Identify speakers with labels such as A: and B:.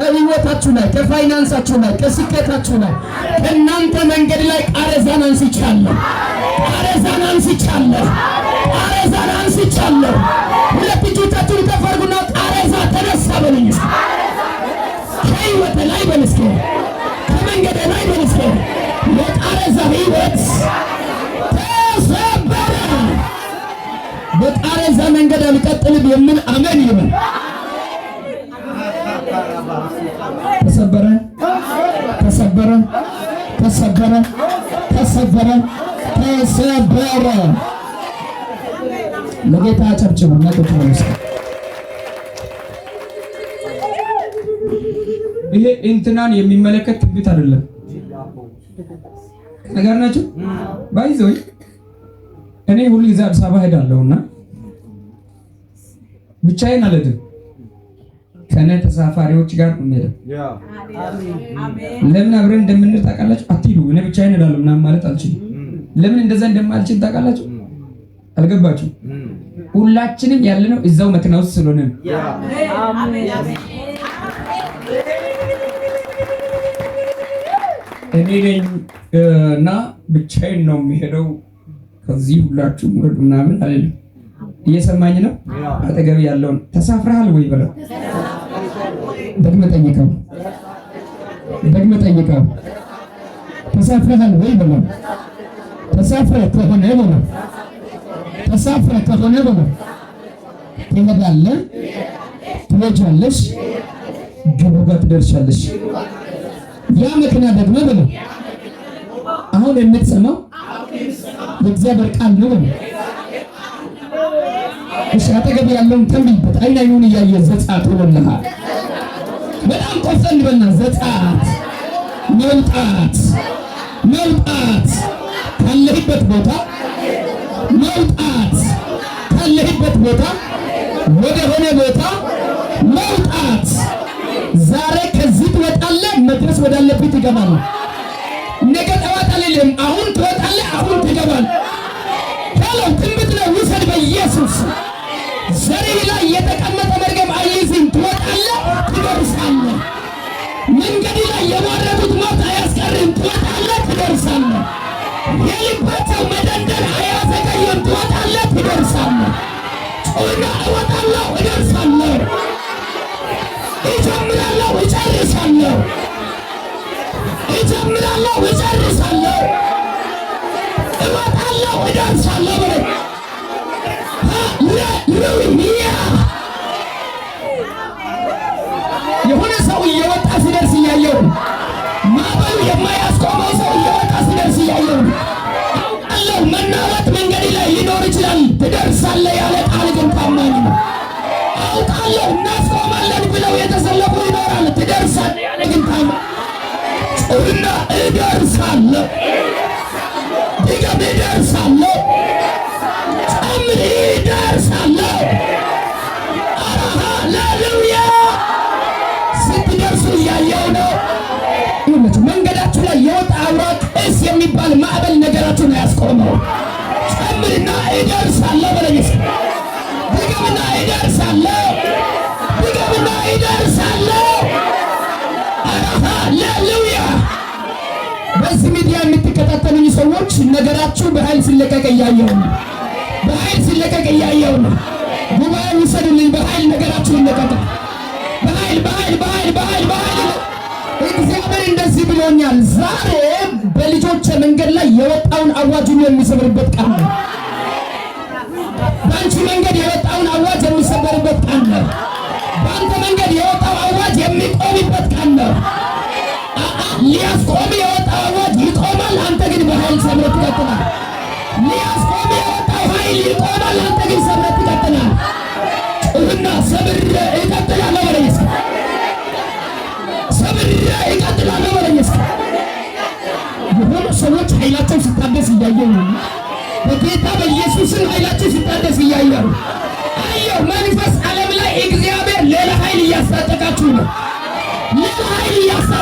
A: ከህይወታችሁ ላይ ከፋይናንሳችሁ ላይ ከስኬታችሁ ላይ ከእናንተ መንገድ ላይ ቃሬዛን አንስቻለሁ፣ ቃሬዛን አንስቻለሁ፣ ቃሬዛን አንስቻለሁ። ሁለት እጆቻችሁን ከፍ አድርጉና ቃሬዛ ተነሳ በልኝ። ከህይወት ላይ በልስከ ከመንገድ ላይ በልስከ የቃሬዛ ህይወት ተሰበረ። በቃሬዛ መንገድ አልቀጥልም የሚል አመን ይሁን። ተሰበረ፣ ተሰበረ፣ ተሰበረ፣ ተሰበረ፣ ተሰበረ። ለጌታ አጨብጭቡ። ነጥብ ይሄ እንትናን የሚመለከት ትንቢት አይደለም። ነገር ናቸው ባይዘው እኔ ሁሉ ጊዜ አዲስ አበባ ሄዳለሁና ብቻዬን አለድም ከነ ተሳፋሪዎች ጋር ነው። ለምን አብረን እንደምንል ታውቃላችሁ? አትሂዱ፣ እኔ ብቻዬን እሄዳለሁ ምናምን ማለት አልችልም። ለምን እንደዛ እንደማልችል ታውቃላችሁ? አልገባችሁ? ሁላችንም ያለነው እዛው መኪና ውስጥ ስለሆነ ነው። እኔ ነኝ እና ብቻዬን ነው የሚሄደው ከዚህ ሁላችሁ ውረዱ ምናምን አልልም። እየሰማኝ ነው። አጠገብ ያለውን ተሳፍረሃል ወይ በለው። ደግመ ጠይቀው፣ ደግመ ጠይቀው። ተሳፍረሃል ወይ በለው። ተሳፍረ ከሆነ በለው። ተሳፍረ ከሆነ በለው። ትሄዳለህ፣ ትሄጃለሽ፣ ግቡ ጋር ትደርሻለሽ። ያ መኪና ደግመ በለው። አሁን የምትሰማው የእግዚአብሔር ቃል ነው በለው። እሺ አጠገብ ያለውን ተንብይበት አይን አይኑን እያየ ዘጻ ትሆንልሃል በጣም ቆፍጠን በልና ዘጻት መውጣት መውጣት ካለህበት ቦታ መውጣት ካለህበት ቦታ ወደ ሆነ ቦታ መውጣት። ዛሬ ከዚህ ትወጣለህ፣ መድረስ ወዳለብህ ትገባለህ። ነገ ጠዋት አልልህም፣ አሁን ትወጣለህ፣ አሁን ትገባለህ። ካለው ትንቢት ነው፣ ውሰድ በኢየሱስ መንገድ ላይ የወረዱት ሞት አያስቀርም። ትወጣለህ፣ ትደርሳለህ። የልባቸው መደንደን አያዘገየም። ትወጣለህ፣ ትደርሳለህ። ጮና እወጣለሁ፣ እደርሳለሁ፣ እጀምራለሁ፣ እጨርሳለሁ፣ እጀምራለሁ፣ እጨርሳለሁ፣ እወጣለሁ፣ እደርሳለሁ እየወጣ ሲደርስ እያየው ማዕበሉ የማያስቆመው ሰው እየወጣ ሲደርስ እያየው አለው። መናወጥ መንገድ ላይ ሊኖር ይችላል። ትደርሳለህ ያለ ቃል ግን ታማኝ ነው። አውጣለሁ እናስቆማለን ብለው የተሰለፉ ይኖራል። ትደርሳለህ ያለ ግን ታማኝ ጩና እደርሳለሁ፣ ድገም እደርሳለሁ፣ ጨምር እደርሳለሁ አሃ ላለው ማዕበል ነገራችሁን ያስቆመው። ጨምርና እደርሳለሁ በለጌስ ድገምና እደርሳለሁ ድገምና እደርሳለሁ። ሃሌሉያ። በዚህ ሚዲያ የምትከታተሉኝ ሰዎች ነገራችሁ በኃይል ሲለቀቅ እያየሁ ነው። በኃይል ሲለቀቅ እያየሁ ነው። ጉባኤ ውሰዱልኝ። በኃይል ነገራችሁ ይለቀቃል። በኃይል በኃይል በኃይል በኃይል በኃይል እግዚአብሔር እንደዚህ ብሎኛል ዛሬ በልጆች መንገድ ላይ የወጣውን አዋጅ ሁሉ የሚሰብርበት ቀን ነው። በአንቺ መንገድ የወጣውን አዋጅ የሚሰበርበት ቀን ነው። በአንተ መንገድ የወጣው አዋጅ የሚቆምበት ቀን ነው። ሊያስቆም የወጣው አዋጅ ይቆማል፣ አንተ ግን በኃይል ሰብረት ትቀጥላል። ሊያስቆም የወጣው ኃይል ይቆማል፣ አንተ ግን ሰብረት ትቀጥላል። ጩህና ሰብር በጌታ በኢየሱስን ኃይላችሁ ሲታደስ እያየሁ አየሁ። መንፈስ ዓለም ላይ እግዚአብሔር ሌላ ኃይል እያስታጠቃችሁ ነው። ሌላ ኃይል እያስታ